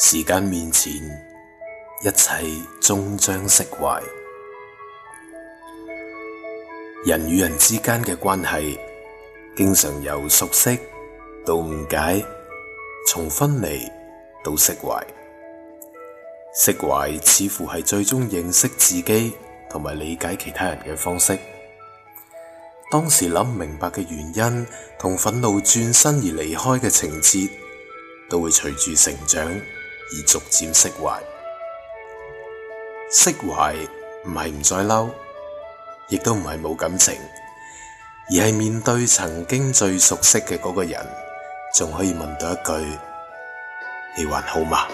時間面前，一切終將釋懷。人與人之間嘅關係，經常由熟悉到誤解，從分離到釋懷。釋懷似乎係最終認識自己同埋理解其他人嘅方式。當時諗唔明白嘅原因，同憤怒轉身而離開嘅情節，都會隨住成長。而逐漸釋懷，釋懷唔係唔再嬲，亦都唔係冇感情，而係面對曾經最熟悉嘅嗰個人，仲可以問到一句：「你還好嗎？」